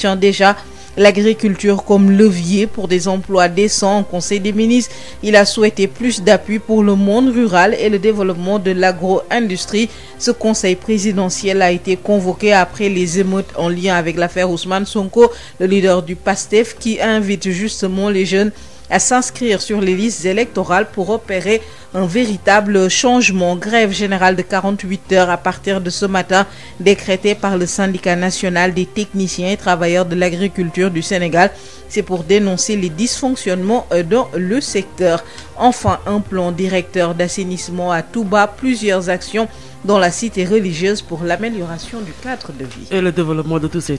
retient déjà l'agriculture comme levier pour des emplois décents. Au Conseil des ministres, il a souhaité plus d'appui pour le monde rural et le développement de l'agro-industrie. Ce conseil présidentiel a été convoqué après les émeutes en lien avec l'affaire Ousmane Sonko, le leader du PASTEF, qui invite justement les jeunes à s'inscrire sur les listes électorales pour opérer un véritable changement. Grève générale de 48 heures à partir de ce matin, décrétée par le syndicat national des techniciens et travailleurs de l'agriculture du Sénégal. pour dénoncer les dysfonctionnements euh, dans le secteur. Enfin, un plan directeur d'assainissement à Touba, plusieurs actions dans la cité religieuse pour l'amélioration du cadre de vie. Et le développement de tous ces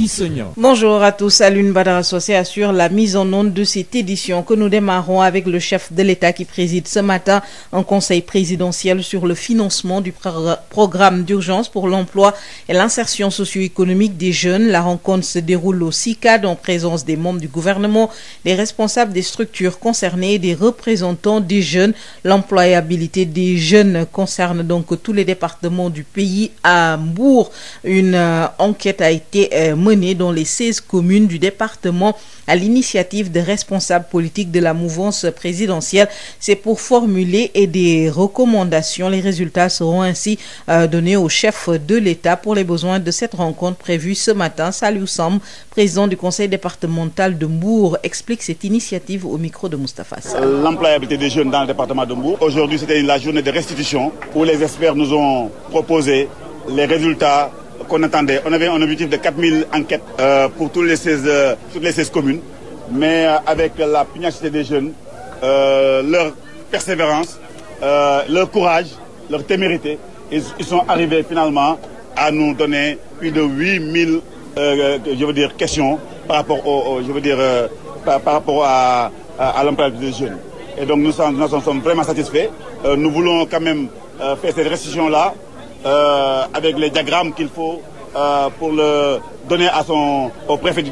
Issonia. Bonjour à tous. Alioune Badara Socé assure la mise en onde de cette édition que nous démarrons avec le chef de l'État qui préside ce matin un conseil présidentiel sur le financement du programme d'urgence pour l'emploi et l'insertion socio-économique des jeunes. La rencontre se déroule au CICAD en présence des membres du gouvernement, des responsables des structures concernées des représentants des jeunes. L'employabilité des jeunes concerne donc tous les départements euh, a été euh, menée dans les 16 communes du département à l'initiative de responsables politiques de la mouvance présidentielle. C'est pour formuler et des recommandations. Les résultats seront ainsi euh, donnés au chef de l'État pour les besoins de cette rencontre prévue ce matin. Saliou Samb, du conseil départemental de Mbour, explique cette initiative au micro de Moustapha Sall. Euh, l'employabilité des jeunes dans de Mbour. où les experts nous ont proposé les résultats qu'on attendait. On avait un objectif de 4000 enquêtes euh, pour euh, toutes les 16, euh, toutes communes. Mais euh, avec la pugnacité des jeunes, euh, leur persévérance, leur courage, leur témérité, ils, sont arrivés finalement à nous donner plus de 8000 je veux dire, questions par rapport, au, au rapport à, à, à des jeunes. Et donc nous, en sommes, sommes vraiment satisfaits. nous voulons quand même faire cette restitution-là euh, avec les diagrammes qu'il euh, pour le donner à son,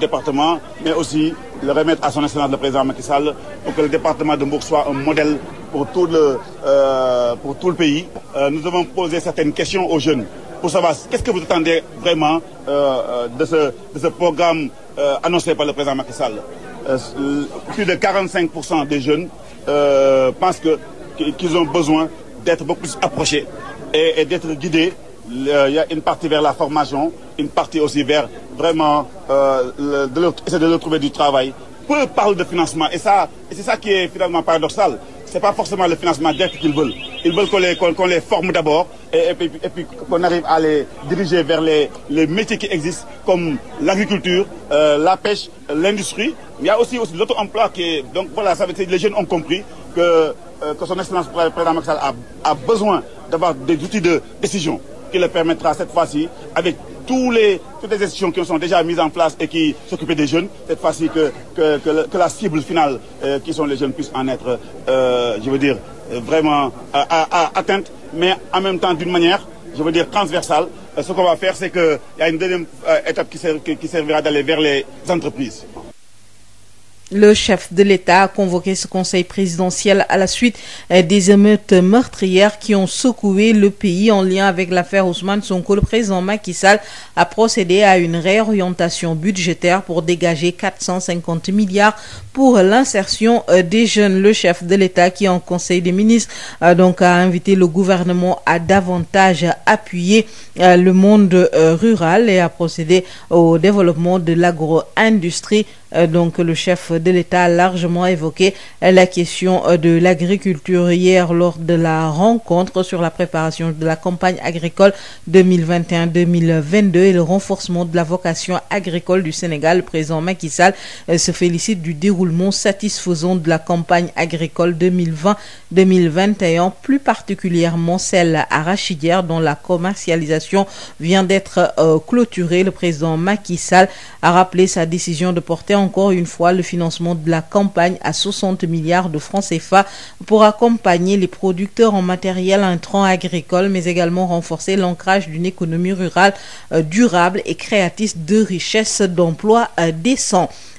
département, mais aussi le remettre à son excellence le président Macky de Mbour soit un modèle pour le, euh, pour tout le pays. Euh, nous avons posé certaines questions aux jeunes pour savoir qu'est-ce que vous attendez vraiment euh, de, ce, de ce programme annoncé par le président Macky Sall. plus de des jeunes pensent que qu'ils ont besoin d'être et, et d'être guidé. Euh, il y a une partie vers la formation, une partie aussi vers vraiment euh, de leur, essayer de leur trouver du travail. Peu parlent de financement et ça, c'est ça qui est finalement paradoxal. C'est pas forcément le financement direct qu'ils veulent. Ils veulent qu'on les, qu qu les, forme d'abord et, et, puis, puis qu'on arrive à les diriger vers les, les métiers qui existent comme l'agriculture, euh, la pêche, l'industrie. Il y a aussi, aussi l'auto-emploi qui est... Donc voilà, ça veut dire les jeunes ont compris que, euh, que son expérience présidente a, a besoin d'avoir des outils de décision qui le permettra cette fois-ci, avec les, toutes les institutions qui sont déjà mises en place et qui s'occupent des jeunes, cette fois-ci que, que, que, que, la cible finale euh, qui sont les jeunes puisse en être, euh, je veux dire, vraiment à, à, atteinte, mais en même temps d'une manière, je veux dire, transversale. Euh, ce qu'on va faire, c'est qu'il y a une deuxième euh, étape qui servira d'aller vers les entreprises. Le chef de l'État a convoqué ce conseil présidentiel à la suite eh, des émeutes meurtrières qui ont secoué le pays en lien avec l'affaire Ousmane Sonko. Le président Macky Sall a procédé à une réorientation budgétaire pour dégager 450 milliards pour l'insertion euh, des jeunes. Le chef de l'État qui en conseil des ministres euh, donc a le gouvernement à davantage appuyer euh, le monde rural et à procéder développement de l'agro-industrie. Donc le chef de l'État a largement évoqué la question de l'agriculture hier de la rencontre sur la préparation de la campagne agricole de la vocation agricole du Sénégal. Le président Macky Sall se félicite du déroulement roulement satisfaisant de la campagne agricole 2020-2021, plus particulièrement celle arachidière dont la commercialisation vient d'être euh, clôturée. Le président Macky Sall a rappelé sa décision de porter encore une fois le financement de la campagne à 60 milliards de francs CFA pour accompagner les producteurs en matériel intrant agricole, mais également renforcer l'ancrage d'une économie rurale euh, durable et créatrice de richesses d'emplois euh,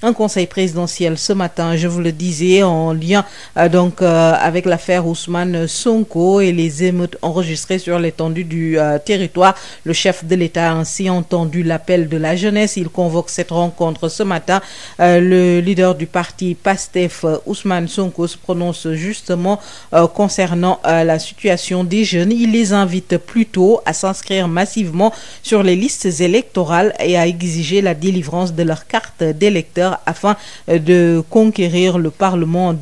Un conseil présidentiel matin, je vous le disais, en lien euh, donc euh, avec l'affaire Ousmane Sonko et les émeutes enregistrées sur l'étendue du euh, territoire. Le chef de l'État a ainsi entendu l'appel de la jeunesse. Il convoque cette rencontre ce matin. Le leader du parti PASTEF, Ousmane Sonko, se prononce justement concernant la situation des jeunes. Il les invite plutôt à s'inscrire massivement sur les listes électorales et à exiger la délivrance de leur carte d'électeur afin de de conquérir le Parlement en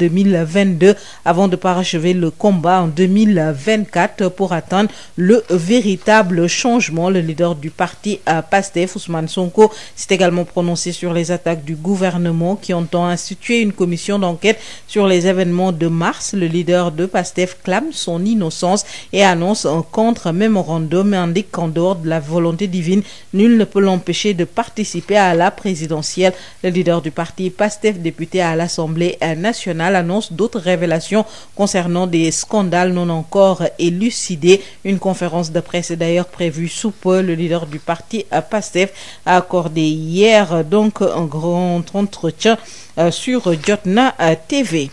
avant de parachever le combat en 2024 pour atteindre le véritable changement. Le leader du parti euh, PASTEF, Ousmane Sonko, s'est également prononcé sur les attaques du gouvernement qui entend instituer une commission d'enquête sur les événements de mars. Le leader de PASTEF clame son innocence et annonce un contre-mémorandum indique qu'en dehors de la volonté divine, nul ne peut l'empêcher de participer à la présidentielle. Le leader du parti PASTEF, députés à l'Assemblée nationale annonce d'autres révélations concernant des scandales non encore élucidés. Une conférence de presse est d'ailleurs prévue sous peu. Le leader du parti PASTEF a accordé hier donc un grand entretien euh, sur Jotna TV.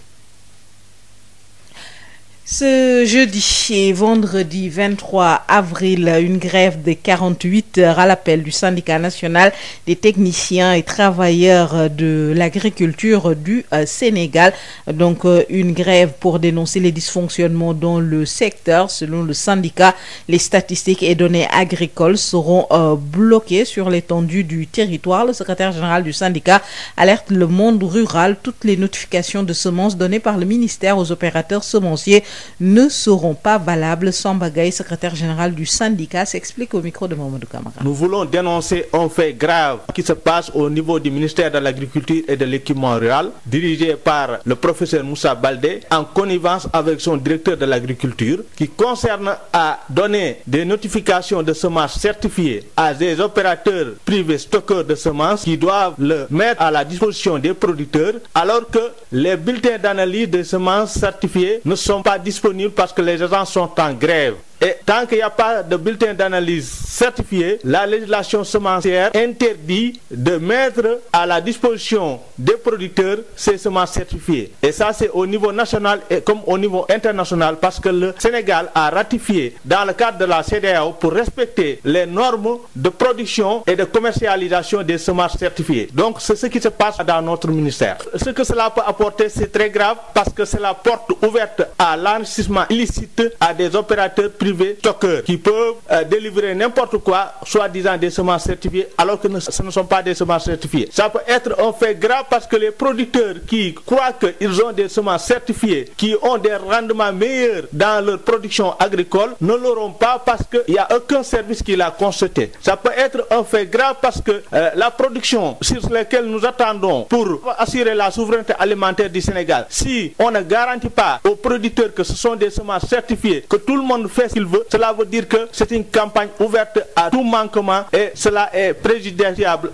Ce jeudi et vendredi 23 avril, une grève de 48 heures à l'appel du syndicat national des techniciens et travailleurs de l'agriculture du euh, Sénégal. Donc euh, une grève pour dénoncer les dysfonctionnements dans le secteur. Selon le syndicat, les statistiques et données agricoles seront euh, bloquées sur l'étendue du territoire. Le secrétaire général du syndicat alerte le monde rural. Toutes les notifications de semences données par le ministère aux opérateurs ne seront pas valables. Samba Gaye, secrétaire général du syndicat, s'explique au micro de Mamadou Camara. Nous voulons dénoncer un fait grave qui se passe au niveau du ministère de l'Agriculture et de l'Équipement Rural, dirigé par le professeur Moussa Baldé, en connivence avec son directeur de l'agriculture, qui concerne à donner des notifications de semence certifiées à des opérateurs privés stockeurs de semence qui doivent le mettre à la disposition des producteurs, alors que les bulletins disponible parce que les agents sont en grève. Et tant qu'il n'y a pas de bulletin d'analyse certifié, la législation semencière interdit de mettre à la disposition des producteurs ces semences certifiées. Et ça, c'est au niveau national et comme au niveau international parce que le Sénégal a ratifié dans le cadre de la CEDEAO pour respecter les normes de production et de commercialisation des semences certifiées. Donc, c'est ce qui se passe dans notre ministère. Ce que cela peut apporter, c'est très grave privés stockeurs qui peuvent euh, délivrer n'importe quoi, soi-disant des semences certifiées, alors que ce ne sont pas des semences certifiées. Ça parce que les producteurs qui croient qu'ils ont des semences certifiées, qui ont des rendements meilleurs dans leur production agricole, ne l'auront pas parce qu'il n'y a aucun service qui l'a constaté. Ça peut être un fait grave parce que euh, la production sur laquelle nous attendons pour assurer la souveraineté alimentaire du Sénégal, si on ne garantit pas aux producteurs que ce sont des semences qu'il veut. Cela que c'est une campagne ouverte à tout manquement et cela est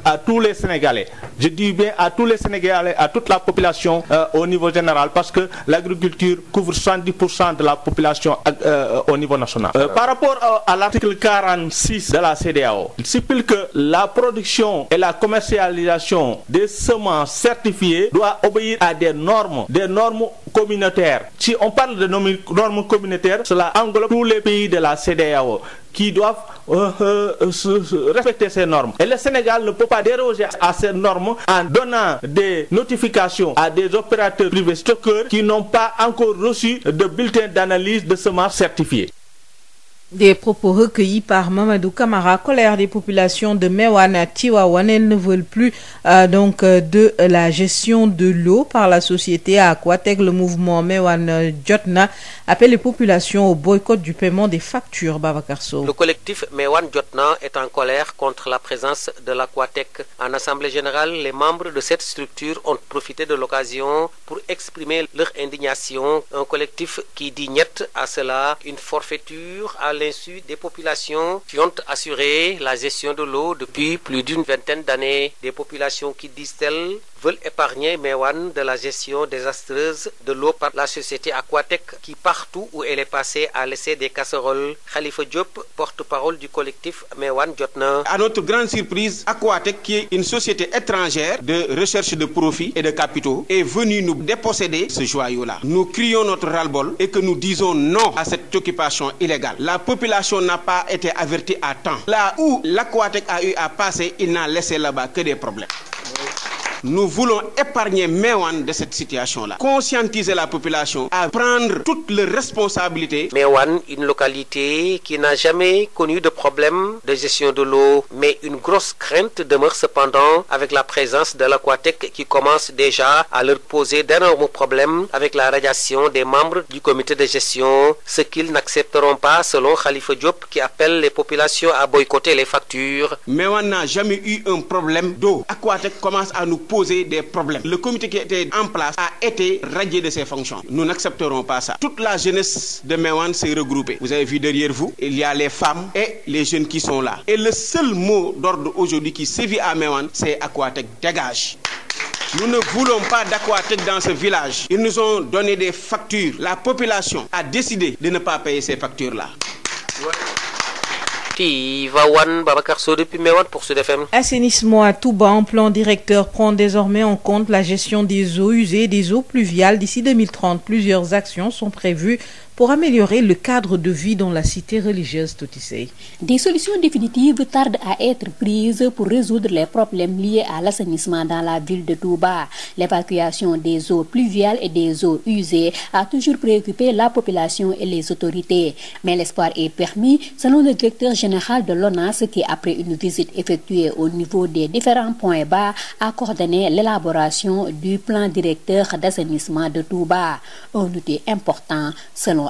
à tous les Sénégalais. Je dis à tous les Sénégalais, à la population euh, au niveau général parce que l'agriculture couvre 70% de la population euh, euh au national. Euh, par rapport à, à l'article 46 de la CEDEAO, il que la production et la commercialisation des semences certifiées doit obéir à communautaire. Si on parle de normes communautaires, cela englobe tous les pays de la CEDEAO qui doivent euh, euh, euh, respecter ces normes. Et le Sénégal ne peut pas déroger à ces normes en donnant des notifications à des opérateurs privés stockeurs qui n'ont pas encore reçu de bulletin d'analyse de semences certifiées. Des propos recueillis par Mamadou Camara, colère des populations de Mewan à Tivaouane, elles ne veulent plus euh, donc euh, de la gestion de l'eau par la société Aquatec. Le mouvement Mewan Jotna appelle les populations au boycott du paiement des factures. Babacar Sow. Le collectif Mewan Jotna est en colère contre la présence de l'Aquatec. En assemblée générale, les membres de cette structure ont profité de l'occasion pour exprimer leur indignation. Un collectif qui dit niet l'insu des populations qui ont assuré la gestion de l'eau depuis plus d'une vingtaine d'années, des populations qui disent-elles veulent épargner Mewan de la gestion désastreuse de l'eau par la société Aquatec qui partout où elle est passée a laissé des casseroles Khalifa Diop porte-parole du collectif Mewan Jotna. À notre grande surprise Aquatec qui est une société étrangère de recherche de profits et de capitaux est venue nous déposséder ce joyau-là. Nous crions notre ras le et que nous disons non à cette occupation illégale. La population n'a pas été avertie à temps. Là où l'Aquatec à passer, il n'a laissé là-bas Nous voulons épargner Mewan de cette situation-là, conscientiser la population à prendre toutes leurs responsabilités. Mewan, une localité qui n'a jamais connu de problème de gestion de l'eau, mais une grosse crainte demeure cependant avec la présence de l'Aquatec qui commence déjà à leur poser d'énormes problèmes avec la radiation des membres du comité de gestion, ce qu'ils n'accepteront pas selon Khalifa Diop qui appelle les populations à boycotter les factures. Mewan n'a jamais eu un problème d'eau. Aquatec commence à nous poser des problèmes le comité qui était en place a été radié de ses fonctions nous n'accepterons pas ça toute la jeunesse de Meouane s'est regroupée vous avez vu derrière vous il y a les femmes et les jeunes qui sont là et le seul mot d'ordre aujourd'hui qui sévit à Meouane c'est Aquatech dégage nous ne voulons pas d'Aquatech dans ce village ils nous ont donné des factures la population a décidé de ne pas payer ces factures là fàttali Vawan Babacar Sow depuis Mewan pour Sud FM. assainissement à Touba en plan directeur prend désormais en compte la gestion des eaux usées et des eaux pluviales d'ici 2030 plusieurs actions sont prévues pour améliorer le cadre de vie dans la cité religieuse Totissé. Des solutions définitives tardent à être prises pour résoudre les problèmes liés à l'assainissement dans la ville de Touba. L'évacuation des eaux pluviales et des eaux usées a toujours préoccupé la population et les autorités. Mais l'espoir est permis selon le directeur général de l'ONAS qui, après une visite effectuée au niveau des différents points bas, a coordonné l'élaboration du plan directeur d'assainissement de Touba. Un outil important selon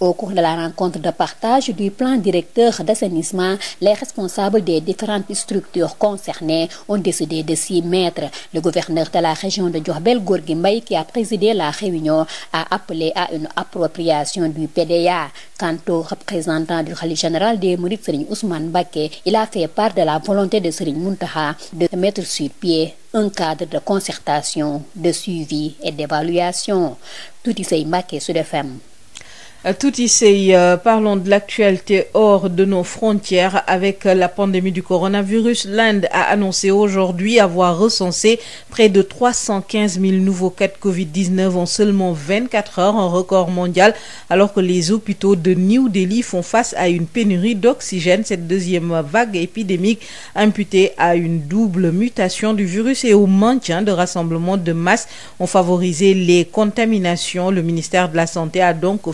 Au cours de la rencontre de partage du plan directeur d'assainissement, les responsables des différentes structures concernées ont décidé de s'y mettre. Le gouverneur de la région de Diourbel, Gorgui Mbaye, qui a présidé la réunion, a appelé à une appropriation du PDA. Quant au représentant du Khalife général des Mourides, Serigne Ousmane Mbacké, il a fait part de la volonté de Serigne Mountakha de mettre sur pied un cadre de concertation, de suivi et d'évaluation. Toutissé Mbacké, Sud FM. Euh, tout ici, euh, parlons de l'actualité hors de nos frontières avec euh, la pandémie du coronavirus. L'Inde a annoncé aujourd'hui avoir recensé près de 315 000 nouveaux cas de Covid-19 en seulement 24 heures, un record mondial, alors que les hôpitaux de New Delhi font face à une pénurie d'oxygène. Cette deuxième vague épidémique imputée à une double mutation du virus et au maintien de de masse ont favorisé les contaminations. Le ministère de la Santé a donc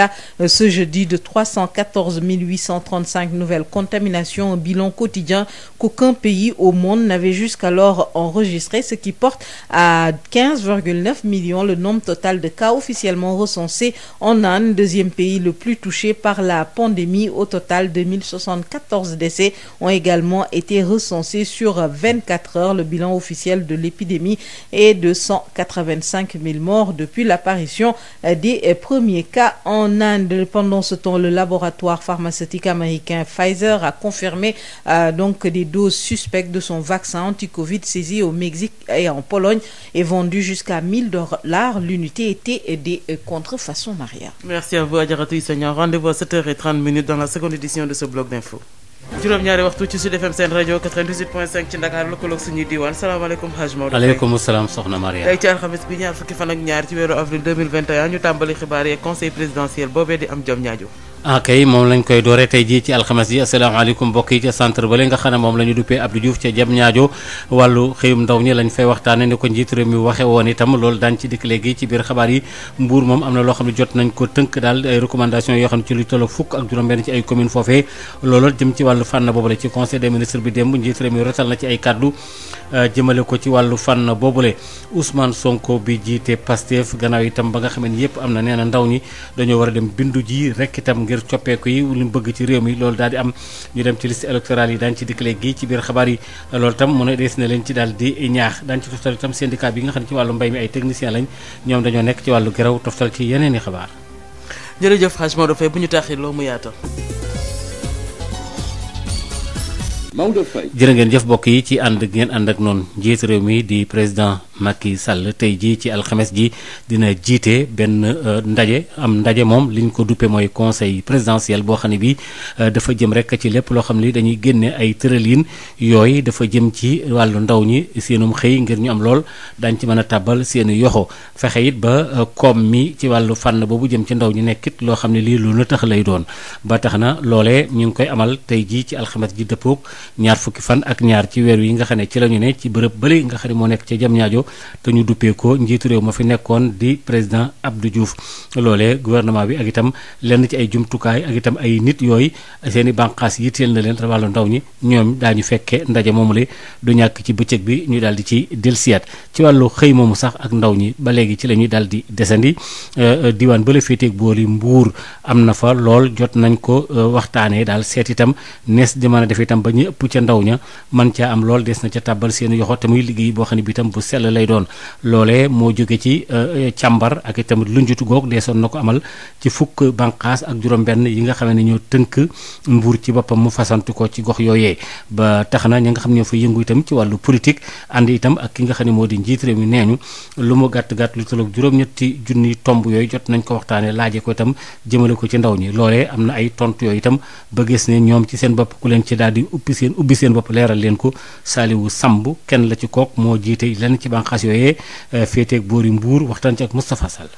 résultats euh, ce jeudi de 314 835 nouvelles contaminations, un bilan quotidien qu'aucun pays au monde n'avait jusqu'alors enregistré, ce qui porte à 15,9 millions le nombre total de cas officiellement le plus touché par la pandémie. Au total, 2074 décès ont également été recensés sur 24 heures. Le bilan officiel de l'épidémie est de 185 000 morts depuis l'apparition euh, des euh, premiers cas en En Inde, pendant ce temps, le laboratoire pharmaceutique américain Pfizer a confirmé euh, donc des doses suspectes de son vaccin anti-Covid saisi au Mexique et en Pologne et vendu jusqu'à 1000 dollars l'unité était des contrefaçons Maria. Merci à vous Adjaratou dans la seconde édition de ce bloc d'infos. juróom-ñaari waxtu ci Sud FM seen rajo 98.5 ci Dakar lëkkaloog suñuy diwaan salaamaaleykum Hadj Maodo. aleykum salaam soxna Maria. tey ci alxames bi ñaar fukki fan ak ñaar ci weeru avril 2021 ñu tàmbali xibaar yeeg conseil présidentiel boobee di am jom ñaajo akay ah, moom lañ koy doore tey jii ci alxames ji asalaamaaleykum bokk yi ca centre bale nga xam ne moom la ñu duppee Abdou Diouf ca jam ñaajo wàllu xëyum ndaw ñi lañ fay waxtaane ni ko njiit réew mi waxe woon itam loolu daan ci dikk léegi ci biir xabaar yi mbuur moom am na loo xam ne jot nañ ko tënk daal ay recommandation yoo xam ne ci lu tolloog fukk ak juróom-benn ci ay commune foofee loolu jëm ci wàllu fànn boobule ci conseil des ministres bi démb njiit réew mi rotal na euh, ba nga am na nee na a dem bindu ji rek itam ngir coppeeku yi bëgg ci réew mi loolu daal am ñu dem ci liste électorale yi daañu ci dikkale gi ci biir xabaar yi loolu tam mu ne dees na leen ci daal ñaax daañu ci toftal itam syndicat bi nga xam ci wàllu mbay mi ay technicien lañ ñoom dañoo nekk ci wàllu geraw toftal ci yeneen xabaar jërë ngeen jëf mbokk yi ci ànd ak ngeen ànd ak noonu njiitu réew mi di président Macky Sall tey jii ci alxames ji dina jiite benn euh, ndaje am ndaje moom li ñu ko duppe mooy conseil présidentiel boo xam ne bi euh, dafa jëm rek ci lépp loo xam ne dañuy génne ay tëralin yooyu dafa jëm ci wàllu ndaw ñi seenum xëy ngir ñu am lool dañ ci mën a tàbbal seeni yoxo fexe it ba euh, koom mi ci wàllu fànn boobu jëm ci ndaw ñu nekkit loo xam ne lii lu na tax lay doon ba tax na loole ñu ngi koy amal tey jii ci alxames ji dëppook ñaar fukki fan ak ñaar ci weer yi nga xam ne ci la ñu ne ci bërëb bële nga xam ne moo nekk ca jam te ñu duppee ko njiitu réew ma fi nekkoon di président Abdou Diouf loolee gouvernement bi ak itam lenn ci ay jumtukaay ak itam ay nit yooyu seen i bànqaas yitteel na leen wàllu ndaw ñi ñoom daañu fekke ndaje moomu du ñàkk ci bëccëg bi ñu daal di ci delsiyaat ci wàllu xëy moomu sax ak ndaw ñi ba léegi ci la ñuy daal di desandi euh, euh, diwaan ba la boo booli mbuur am na fa lool jot nañ ko euh, waxtaanee a ëpp ca ndaw ña man caa am lool des na ca tàbbal seen yoxo te muy liggéey boo xam ne bi itam euh, ak juróom-benn yi nga xam ne ñoo tënk mbuur ci boppam mu fasantu ko ci gox yooyee ba tax na ñi nga xam ñoo fa yëngu itam ci wàllu politique ànd itam ak ki nga xam ne moo di njiit mi nee ñu lu mu gàtt-gàtt lu tolloog juróom-ñetti junniy tomb yooyu jot nañ ko waxtaanee laajee ko itam jëmale ko ci ndaw ñi loolee am na ay tontu yooyu itam ba gis ne ñoom ci seen bopp ku leen ci daal uppi seen ubbi seen bopp leeral leen ko Saliwu Samb kenn la ci kook moo jiite lenn ci bànqaas yooyee euh, féeteeg boori Mbuur waxtaan ci ak Moustapha Sall.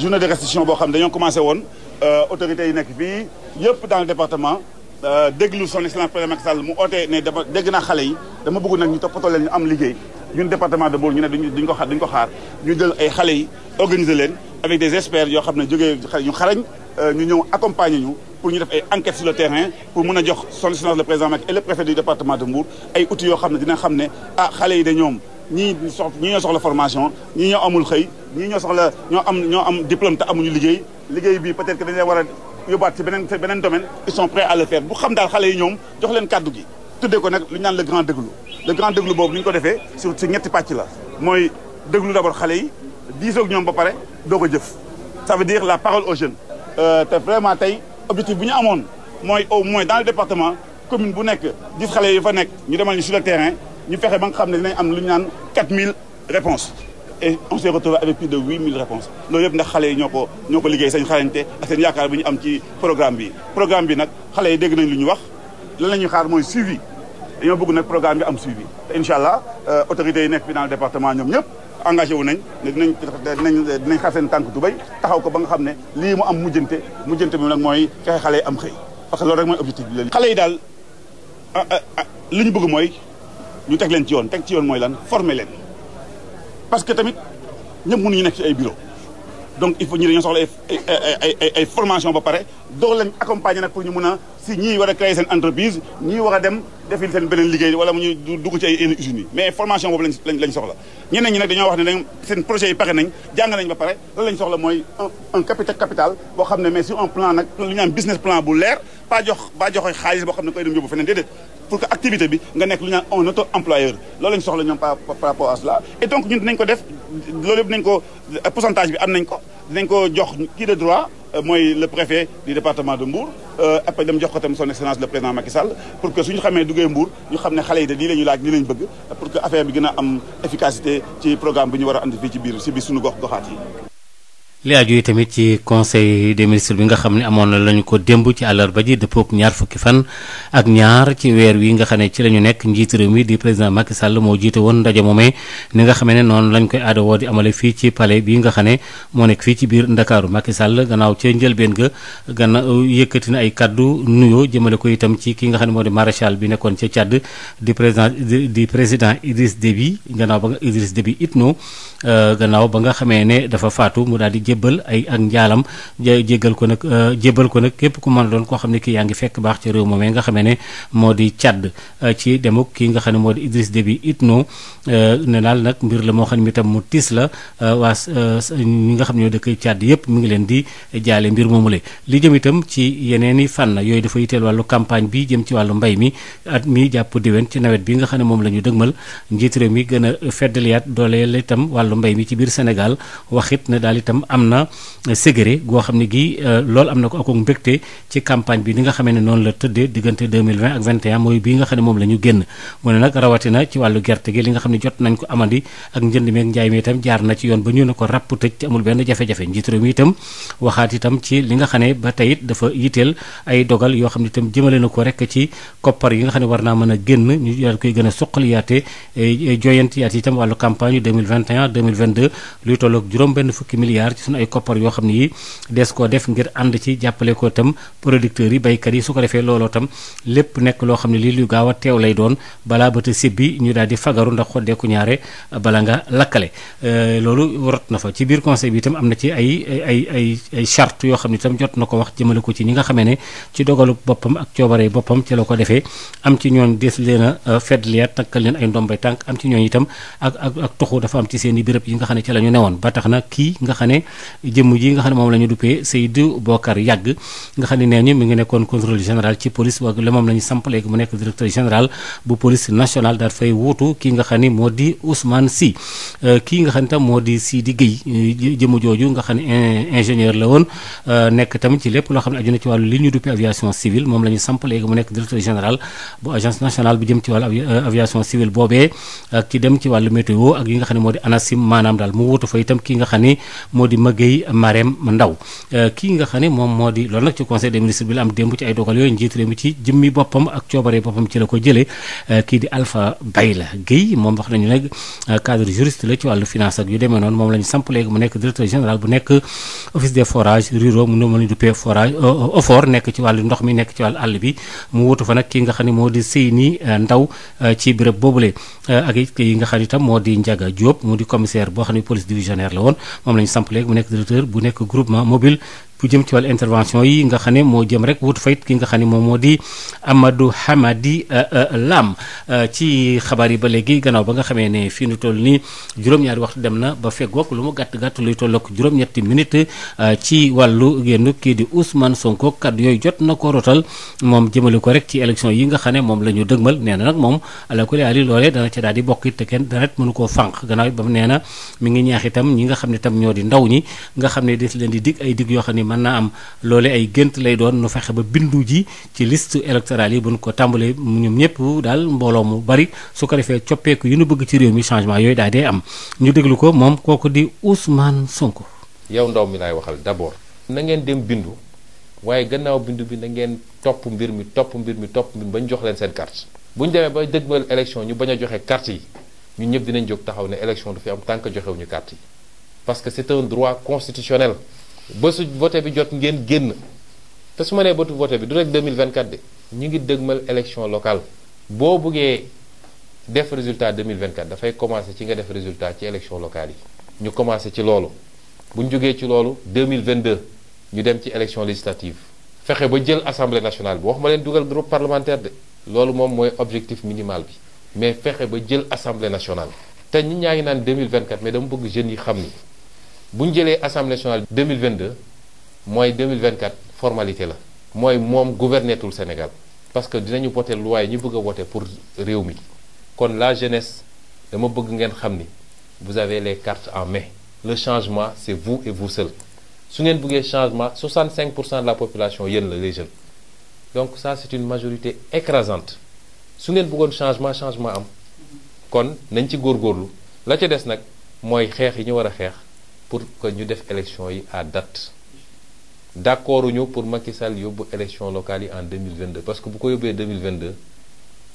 journée de restitution boo xam ne dañoo commencé woon euh, autorités yi nekk fii yëpp dans le département. Euh, déglu son excellence président Macky Sall mu ootee ko xaar duñ ko xaar ñu jël ay xale yi organiser leen avec des experts yoo xam ne jógee ñu xarañ ñu ñëw accompagner ñu pour ñu def ay enquêtes sur le terrain pour mën a jox son excellence le président Macky et le préfet du département de Mbour ay outils yoo xam ne dina xam ne ah xale yi de ñoom ñii sox ñii ñoo soxla formation ñii ñoo amul xëy ñii ñoo soxla ñoo am ñoo diplôme te amuñu liggéey liggéey bi peut-être que dañu war a yóbbaat ci beneen domaine ils sont prêts à le faire bu xam daal xale yi ñoom jox leen kàddu gi tuddee ko nag lu ñu naan le grand déglu le grand déglu boobu mooy xale yi ba pare doo ko jëf ça veut la parole aux euh, vraiment tey objectif bu ñu amoon mooy au moins dans le département commune bu nekk gis xale yi fa nekk ñu demal ñu sur le terrain ñu fexe ba nga xam ne dinañ am lu ñu naan 4000 réponses et on s'est retrouvé avec loolu yëpp ndax xale yi ñoo ko ñoo ko liggéey seen xarañte ak seen yaakaar bu ñu am ci programme bi programme bi nag xale yi dégg nañ lu ñu wax lan la ñuy xaar mooy suivi dañoo bëgg nag programme bi am suivi te incha allah euh, autorités yi nekk fi dans le département ñoom ñëpp engagé wu nañ ne dinañ dinañ dinañ xar seen tànk tubéy taxaw ko ba nga xam ne lii mu am mujjante mujjante bi nag mooy fexe xale yi am xëy parce que loolu rek mooy objectif bi la xale yi daal ah, ah, ah, li ñu bëgg mooy ñu teg leen ci yoon teg ci yoon mooy lan former leen parce que tamit ñëpp ñu nekk ci ay bureau donc il faut ñu dañoo soxla ay ay formation ba pare doo leen accompagner nag pour ñu mun a si ñii war a créer seen entreprise ñii war a dem defin seen beneen liggéey wala mu ñu dugg ci ay yenn usines yi mais formation boobu lañ lañ soxla ñeneen ñi nag dañoo wax ne dañ seen projet yi pare nañ jàng nañ ba pare loolu lañ soxla mooy un capital capital boo xam ne mais sur un plan nag lu ñu business plan bu leer pas jox ba joxe xaalis boo xam ne koy dem yóbbu feneen déedéet pour que activité bi nga nekk lu ñu naan un auto employeur loolu la ñu soxla ñoom par rapport à cela et donc ñun dinañ ko def loolu yëpp dinañ ko pourcentage bi am nañ ko dinañ ko jox kii de droit euh, mooy le préfet du département de Mbour euh, après dem jox ko tam son excellence le président Macky pour que suñu xamee duggee Mbour ñu xam ne xale yi de lii la laaj lii la bëgg pour que affaire bi gën a am efficacité ci programme bi ñu war a andi fii ci biir si biir suñu gox goxaat yi li aju tamit ci conseil des ministres bi nga xam ne amoon na lañu ko démb ci àllarba ji dëppook ñaar fukki fan ak ñaar ci weer wi nga xam ne ci la ñu nekk njiit réew di président Macky moo jiite woon ndaje moomee ni nga xam ne noonu lañ koy aada woo di amale fii ci palais bi nga xam ne moo nekk fii ci biir Ndakaaru Macky gannaaw ca njëlbeen ga gannaaw yëkkati na ay kaddu nuyoo jëmale ko itam ci kii nga xam ne moo di maréchal bi nekkoon ca Tchad di président di président Idriss Déby gannaaw ba nga Idriss Déby itno jébbal ay ak ko nag euh, jébbal ko nag képp ku mën doon koo xam ne kii yaa ngi fekk baax ci réew moomee nga ne moo di Tchad euh, ci demuk kii nga xam ne moo di Idriss Déby Itno euh, ne daal nag mbir la moo xam ne itam mu tiis la waa ñi nga xam ne ñoo dëkk Tchad yépp mi ngi leen di jaale mbir moomule li jëm itam ci yeneen i fànn yooyu dafa yiteel wàllu campagne bi jëm ci wàllu mbay mi at mi jàpp diwén ci nawet bi nga xam ne moom lañu ñu dëgmal njiit réew mi gën a feddaliyaat doole la itam wàllu mbay mi ci biir Sénégal waxit ne daal itam am am na ségéré goo xam ne gii euh, loolu am na ko ak mbégte ci campagne bi ni nga xamee ne noonu la tëddee diggante 2020 ak 21 mooy bii nga xam ne moom la ñu génn mu ne nag rawatina gerte gi li nga xam ne jot nañ ko amandi ak njënd meeg njaay jaar na ci yoon ba ñu ko ràpp tëj te amul benn jafe-jafe njiitu réew ci li nga xam ne ba tey it dafa yiteel ay yoo xam ne itam jëmale na ko rek ci koppar yi nga xam ne war naa mën a génn ñu daal koy gën a suqaliyaate eh, eh, joyantiyaat itam wàllu campagne 2021 2022 luy tolloog juróom benn fukki milliards suñu ay koppar yoo xam ne yi des koo def ngir ànd ci jàppale ko itam producteurs yi baykat yi su ko defee looloo tam lépp nekk loo xam ne lii lu gaaw a teew lay doon balaa bata sibbi ñu daal di fagaru ndax xoddeeku ñaare bala nga lakkale euh, loolu rot na fa ci biir conseil bi itam am na ci ay ay ay ay charte yoo xam ne itam jot na ko wax jëmale ko ci ñi nga xamee ne ci dogalu boppam ak coobare boppam ci la ko defee am ci ñooñ des leen a euh, feddliyaat takkal leen ay ndombay tànk am ci ñooñ itam ak ak ak toxu dafa am ci seen i béréb yi nga xam ne ci la ñu newoon ba jëmm ji nga xam ne moom la duppee Seydou Bokar Yàgg nga xam ne nee ñu mi ngi nekkoon contrôle général ci police wa la moom la ñu samp léegi nga xam ne moo di Ousmane Sy euh, kii nga xam ne tam moo di euh, ingénieur la woon euh, nekk tamit ci lépp loo xam ne aju na ci wàllu li ñu duppee aviation civile moom la ñu samp léegi mu nekk directeur général bu agence nationale bu jëm ci wàllu aviation civile boobee ak ci dem ci wàllu météo ak yi nga xam ne moo di ANACIM maanaam daal mu wuutu fa itam kii nga xam ne moo di Magueye Marème Ndaw euh, kii nga xam ne moom moo di loolu nag ci conseil des ministres bi la am démb ci ay dogal yooyu njiit réew ci jëmmi boppam ak coobare boppam ci la ko jëlee euh, kii di Alpha Bayla Guèye moom wax nañu nag euh, cadre juriste la ci wàllu finance ak yu demee noonu moom la ñu samp mu nekk directeur bu nekk office des forages ruraux mu noonu la ñu duppee forage OFOR nekk ci wàllu ndox mi nekk ci wàllu àll bi mu wutu fa nag kii nga xam ni moo di Seyni Ndaw ci béréb boobule ak yi nga xam ne itam moo di Ndiaga Diop mu di commissaire boo xam ne police mu nekk directeur bu nekk groupement mobile bu jëm ci wàllu intervention yi nga xam ne moo jëm rek wut fayit ki nga xam ne moom moo di Amadou Hamadi euh, euh, Lam euh, ci xabaar yi ba léegi gannaaw ba nga xamee ne fii nu toll nii juróom-ñaari waxtu dem na ba feggoog lu mu gàtt gàtt luy toll ak juróom-ñetti minit ci wàllu génn kii di Ousmane Sonko kaddu yooyu jot na ko rotal moom jëmale ko rek ci élection yi nga xam ne moom la ñu dëgmal nee na nag moom alakuli ali loolee dana ci daal di bokk it te kenn dara mënu koo nee na mi ngi ñaax itam ñi nga xam ne itam ñoo di ndaw ñi nga xam ne des leen di ay dig yoo xam ne mën naa am loole ay gént lay doon nu fexe ba bindu ji ci liste électorale yi bu ñu ko tàmbalee ñoom ñëpp daal mbooloo mu bari su ko defee coppeeku yu nu bëgg ci réew mi changement yooyu daa dee am ñu déglu ko moom kooku di Ousmane Sonko. yow ndaw mi laay waxal d'abord. na ngeen dem bindu waaye gannaaw bindu bi na ngeen topp mbir mi topp mbir mi topp mbir mi ba ñu jox leen seen carte. bu ñu demee ba dëgmal élection ñu bañ a joxe carte yi ñun ñëpp dinañ jóg taxaw ne élection du fi am tant que joxewuñu carte yi parce que c'est un droit constitutionnel. bésu vote bi jot ngeen génn te su ma nee bëtu vote bi du rek 2024 de ñu ngi dëgmal élection locale boo buggee def résultat 2024 dafay commencé ci nga def résultat ci élection locale yi ñu commencé ci loolu bu ñu jógee ci loolu 2022 ñu dem ci élection législative fexe ba jël assemblée nationale bi wax ma leen dugal groupe parlementaire de loolu moom mooy objectif minimal bi mais fexe ba jël assemblée nationale te ñi ñaa ngi naan 2024 mais dama bëgg jeunes xam ni bu ñu jëlee assemblée nationale 2022 mooy 2024 formalité la mooy moom gouvernetul Sénégal parce que dinañu voté loi yi ñu bëgg a voté pour réew mi kon la jeunesse dama bëgg ngeen xam ni vous avee les cartes en mais le changement c'est vous et vous seul su ngeen bëggee changement 65 pour cent de la population yéen la les jeunes donc ça c'est une majorité écrasante su ngeen bëggoon changement changement am kon nañ ci góor góorlu la ca des nag mooy xeex yi ñu war a xeex pour que ñu def élection yi à date d' ñu pour Macky Sall yóbbu élection locale yi en mille 2022 parce que bu ko yóbbee 2022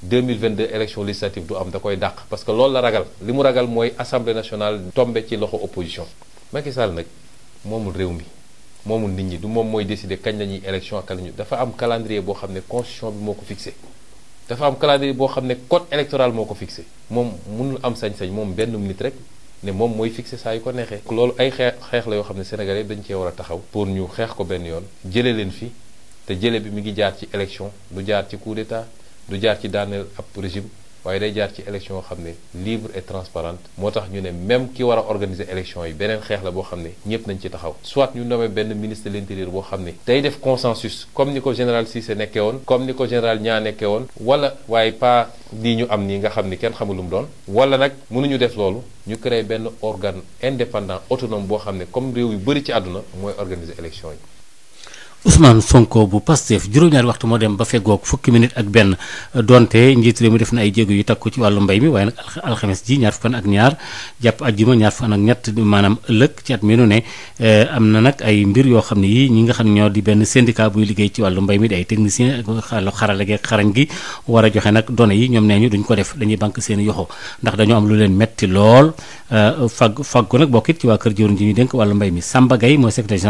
2022 élection législative du am da koy dàq parce que loolu la ragal li mu ragal mooy assemblée nationale tombe ci loxo opposition Macky Sall nag moomul réew mi moomul nit ñi du moom mooy décider kañ la ñuy élection ak lañu dafa am calendrier boo xam ne constitution bi moo ko fixé dafa am calendrier boo xam ne code électoral moo ko fixé moom mënul am sañ-sañ moom benn nit ne moom mooy fixé saa yu ko neexee loolu ay xeex xeex la yoo xam ne sénégalais dañ cee war a taxaw pour ñu xeex ko benn yoon jëlee leen fi te jële bi mi ngi jaar ci élection du jaar ci coup d'état du jaar ci daaneel ab régime waaye day jaar ci élection yoo xam ne libre et transparente moo tax ñu ne même ki war a organiser élection yi beneen xeex la boo xam ne ñëpp nañ ci taxaw soit ñu nommé benn ministre de l'intérieur boo xam ne day def consensus comme ni ko général Cissé nekkee woon comme ni ko général Niang nekkee woon wala waaye pas nii ñu am nii nga xam ni kenn xamul lu mu doon wala nag mënuñu def loolu ñu créer benn organ indépendant autonom boo xam ne comme réew yu bëri ci àdduna mooy organiser élection yi Ousmane Sonko bu Pastef juróom-ñaari waxtu moo dem ba feggoog fukki minute ak benn donte njiit réew mi def na ay jéego yu takku ci wàllu mbay mi waaye nag alxames ji ñaar fukk fan ak ñaar jàpp ajjuma ñaar fukk fan ak ñett maanaam ëllëg ci at meenu ne eh, am na nag ay mbir yoo xam ne yii ñi nga xam ne ñoo di benn syndicat buy liggéey ci wàllu mbay mi di ay technicien ak xarala gi xarañ gi war a joxe nag données yi ñoom nee ñu duñ ko def dañuy bank seen i yoxo ndax dañoo am lu leen metti lool eh, fag faggu nag bokkit ci waa kër jëwriñ ji mi Samba Gaye mooy secrétaire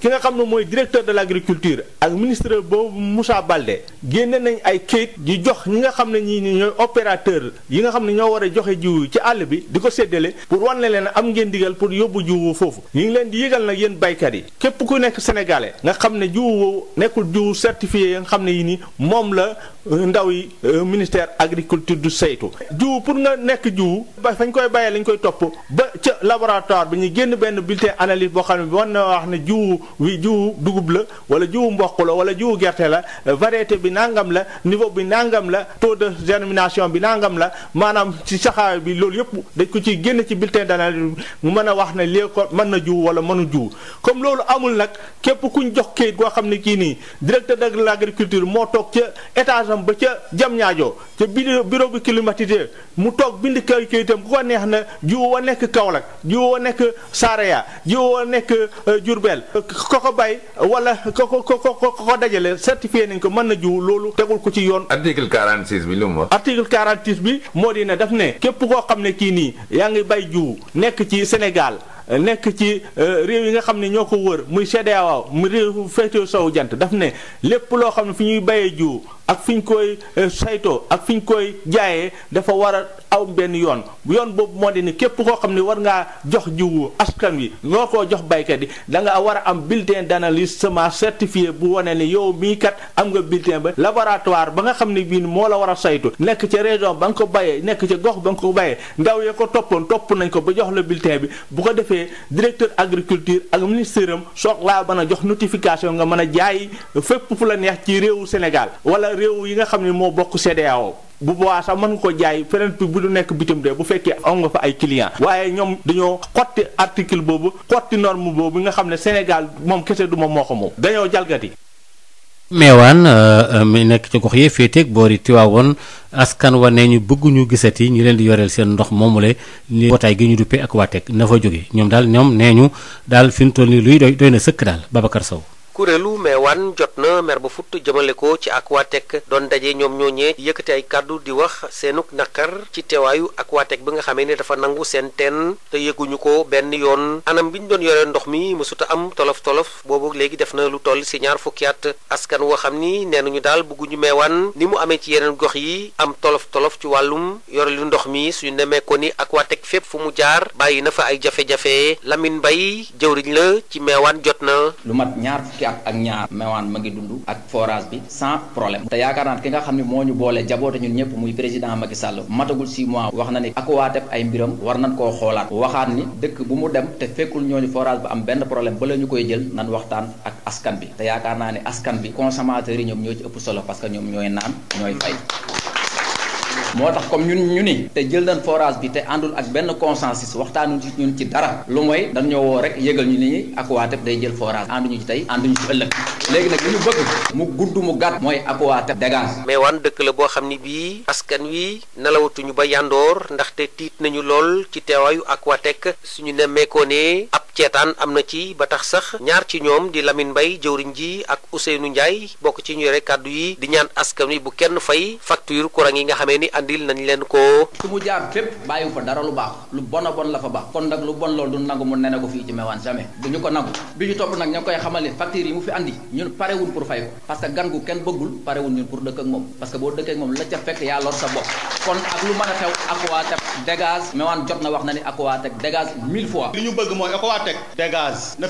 ki nga xam ne mooy directeur de l' agriculture ak ministre boobu musa Baldé génne nañ ay kayit di jox ñi nga xam ne ñii ñooy opérateur yi nga xam ne ñoo war a joxe jiw ci àll bi di ko séddale pour wan na leen am ngeen digal pour yóbbu jiwu foofu ñu ngi leen di yëgal nag yéen baykat yi képp ku nekk sénégalais nga xam ne jiwu woowu nekkul jiwu certifié yi nga xam ne yi nii moom la euh, ndaw yi euh, ministère agriculture du saytu jiwu pour nga nekk jiwu ba fañ koy bayee lañ koy topp ba ca bi ñu génn benn bulletin analyse boo xam ne war na wax ne jiwu wi jiwu dugub la wala jiwu mboq la wala jiwu gerte la variété bi nangam la niveau bi nangam la taux de germination bi nangam la maanaam ci saxaar bi loolu yëpp dañ ko ci génn ci bulletin d'analyse mu mën a wax ne lii mën na jiw wala mënu jiw comme loolu amul nag képp kuñ jox kayit goo xam ne kii nii directeur de l'agriculture moo toog ca étage ba ca jam ñaajoo ca bureau bi climatisé mu toog bind kay kayitam ku ko neex na jiwu wa nekk Kaolack jiwu wa nekk Saraya jiwu wa euh, ko ko bay wala ko ko ko ko ko dajale certifié nañ ko mën na jiw loolu tegul ku ci yoon. article 46 bi lu mu wax. article bi moo dina ne ne képp koo xam ne kii nii yaa ngi bay jiw nekk ci Sénégal. nekk ci euh, réew yi nga xam ne ñoo ko wër muy CEDEAO mu réew féetee sowu jant daf ne lépp loo xam ne fi ñuy bayee jiw ak fi ñu koy euh, sayto ak fi ñu koy jaayee dafa war a aw benn yoon yoon boobu moo di ni képp koo xam ne war ngaa jox jiwu askan wi loo koo jox baykat yi da nga war a am bulletin d'analyse semence certifié bu wane ne yow mii kat am nga bulletin ba laboratoire ba nga xam ne bii moo la war a saytu nekk ca région ba nga ko bayee nekk ca gox ba nga ko bayee ndaw ya ko toppoon topp nañ ko ba jox la bulletin bi defee directeur agriculture ak ministère am soog laa mën a jox notification nga mën a jaay fépp fu la neex ci réewu Sénégal wala réew yi nga xam ne moo bokk CEDEAO bu boobaa sax mën nga ko jaay feneen bu du nekk bitim de bu fekkee am nga fa ay client waaye ñoom dañoo xotti article boobu xotti norme boobu nga xam ne Sénégal moom kese du ma moo ko moom dañoo jalgati meewaan euh, euh, mi nekk ci gox yee féeteeg boori Tiwaawoon askan wa ne ñu bëgguñu gisati ñu leen di yoreel seen ndox moomule ni wootaay gi ñu duppee ak waa waateeg na fa jóge ñoom daal ñoom nee ñu daal fi mu toll nii luy doy doy na sëkk daal Babacar Sow kuréelu meewaan jot na mer ba futt jëmale ko ci Aquatec doon daje ñoom ñooñee yëkkati ay kàddu di wax seenuk naqar ci teewaayu Aquatec bi nga xamee ne dafa nangu seen teen te yëguñu ko benn yoon anam bi ñu doon yoree ndox mi mësuta am tolof tolof boobu léegi def na lu toll ci ñaar fukki at askan woo xam ni nee nañu daal bëgguñu meewaan ni mu amee ci yeneen gox yi am tolof tolof ci wàllum yore lu ndox mi su suñu nemee ko ni Aquatec fépp fu mu jaar bàyyi na fa ay jafe-jafe Lamine Mbaye jëwriñ la ci meewaan jot na lu mat ñaar fukki at ak ñaar Mewane ma ngi dund ak forage bi sans problème te yaakaar naa ki nga xam ne moo ñu boole jaboote ñun ñëpp muy président Macky Sall matagul six mois wax na ne akuwaateb ay mbiram war nañ koo xoolaat waxaat ni dëkk bu mu dem te fekkul ñooñu forage ba am benn problème bala ñu koy jël nan waxtaan ak askan bi te yaakaar naa ne askan bi consommateurs yi ñoom ñoo ci ëpp solo parce que ñoom ñooy naan ñooy fay moo tax comme ñun ñu ni te jël nañ forage bi te àndul ak benn consensus waxtaanu ci ñun ci dara lu mooy dañ ñoo woo rek yëgal ñu ni Aquatech day jël forage ànduñu ci tey ànduñu ci ëllëg léegi nag li mu gudd mu gàtt mooy Aquatech dégage mais wan dëkk la boo xam ni bii askan wi nelawatuñu ba yandoor ndaxte tiit nañu lool ci teewaayu Aquatech suñu nemmeekoo ne ab ceetaan am na ci ba tax sax ñaar ci ñoom di Lamine mbay jëwriñ ji ak Ousseynou Ndiaye bokk ci ñu yore kàddu yi di ñaan askan wi bu kenn fay facture courant yi nga xamee ni andil nañ leen ko su mu jaar fépp bàyyiwu fa dara lu baax lu bon a bon la fa baax kon nag lu bon loolu du nangu mu nene ko fii ci Mewane jamais duñu ko nangu bi ñu topp nag ña koy xamal ne factures yi mu fi andi ñun parewul pour fay ko gan gu kenn bëggul parewul pour dëkk ak moom parce boo dëkkee ak moom la ca fekk yaa lor sa bopp kon ak lu mën a xew Aquatech dégage Mewane jot na wax na ni Aquatech dégage mille fois li ñu bëgg mooy Aquatech dégage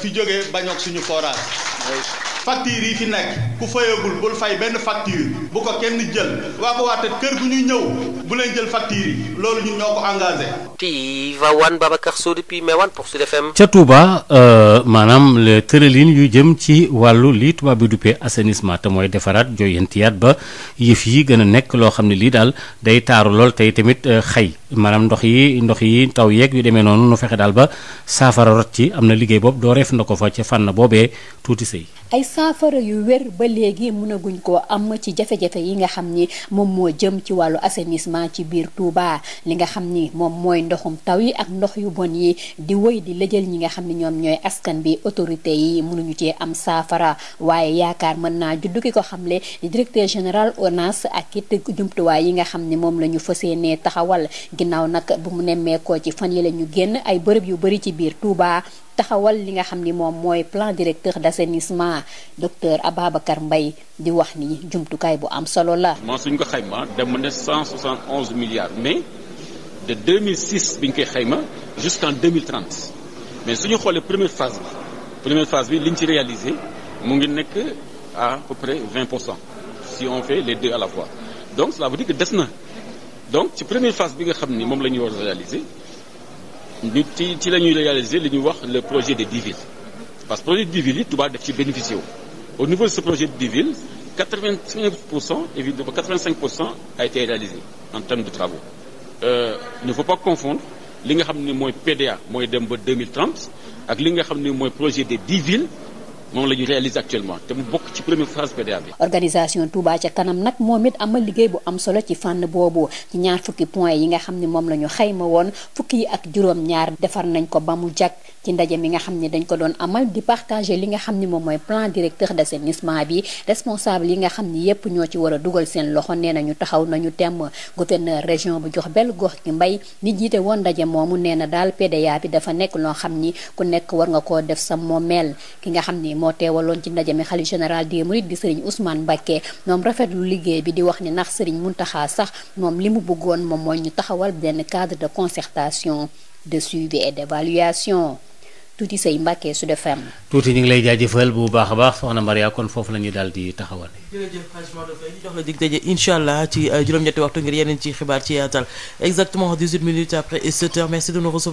facture yi fi nekk ku fayagul bul fay benn facture bu ko kenn jël waa ko waate kër gu ñuy ñëw bu jël facture yi loolu ñun ñoo ko engagé. Tivaouane Babacar Sow depuis Meouane pour Sud FM. ca Touba euh, maanaam le tëralin yu jëm ci wàllu lii tubaab bi duppee assainissement te mooy defaraat jooyantiyaat ba yëf yi gën a nekk loo xam ne lii daal day taaru lool tey tamit euh, xëy maanaam ndox yi ndox yi taw yeeg yu demee noonu nu fexe daal ba safara rot ci am na liggéey boobu doo na ko fa ca boobee tuuti sëy saafara yu wér ba léegi mënaguñ koo am ci jafe-jafe yi nga xam ni moom moo jëm ci wàllu assainissement ci biir Touba li nga xam ni moom mooy ndoxum taw yi ak ndox yu bon yi di wëy di lëjël ñi nga xam ni ñoom ñooy askan bi autorité yi mënuñu cee am saafara waaye yaakaar mën naa juddu ki ko xamle directeur général ONAS ak it jumtuwaay yi nga xam ni moom la ñu fas yéenee taxawal ginnaaw nag bu mu nemmeekoo ci fan yi la ñu génn ay bërëb yu bëri ci biir Touba taxawal li nga xam ni moom mooy plan directeur d'assainissement docteur Ababacar mbay di wax ni jumtukaay bu am solo la. man suñ ko xayma dem na 171 milliards mais de bi biñ koy xayma jusqu'en 2030 mais ñu xoolee première phase bi première phase bi liñ ci réalisé mu ngi nekk à peu près 20 pour cent si on fait les deux à la fois donc cela veut dire que des na donc ci première phase bi nga xam ni moom la ñu war a réaliser. nit ci ci la ñuy réaliser li ñuy wax le projet des dix parce que projet des dix villes yi Touba ci bénéficier wu au niveau projet des dix villes quatre pour cent évidemment quatre vingt cinq pour cent a été réalisé en termes de travaux. Euh, il ne faut pas li nga xam ne mooy PDA mooy dem ba deux mille ak li nga xam ne mooy projet des dix villes. moom la ñu réalise actuellement te mu bokk ci première phase PDA bi. organisation Touba ca kanam nag moom it amal liggéey bu am solo ci fànn boobu ci ñaar fukki point yi nga xam ne moom la ñu xayma woon fukki yi ak juróom-ñaar defar nañ ko ba mu jag ci ndaje mi nga xam ne dañ ko doon amal di partager li nga xam ne moom mooy plan directeur d'assainissement bi responsable yi nga xam ni yépp ñoo ci war a dugal seen loxo nee ñu taxaw nañu temm gouverneur région bu jox bell gox gi mbay ni jiite woon ndaje moomu nee na daal PDA bi dafa nekk loo xam ni ku nekk war nga koo def sa moomeel ki nga moo teewaloon ci ndaje mi xalif général des mourides di sëriñ Ousmane Mbacké moom rafetlu liggéey bi di wax ni ndax sëriñ Mountakha sax moom li mu bëggoon moom mooy ñu taxawal benn cadre de concertation de suivi et d'évaluation tuuti say Mbàkke su defam tuuti ñu ngi lay jaajëfal bu baax a baax soxna Maria foofu la ñuy daal di taxawal. jërëjëf Fatou Maodo Faye ñu jox la dig daje incha allah ci euh, juróom-ñetti waxtu ngir yeneen ci xibaar ci yaatal exactement 18 minutes après 7 heures merci de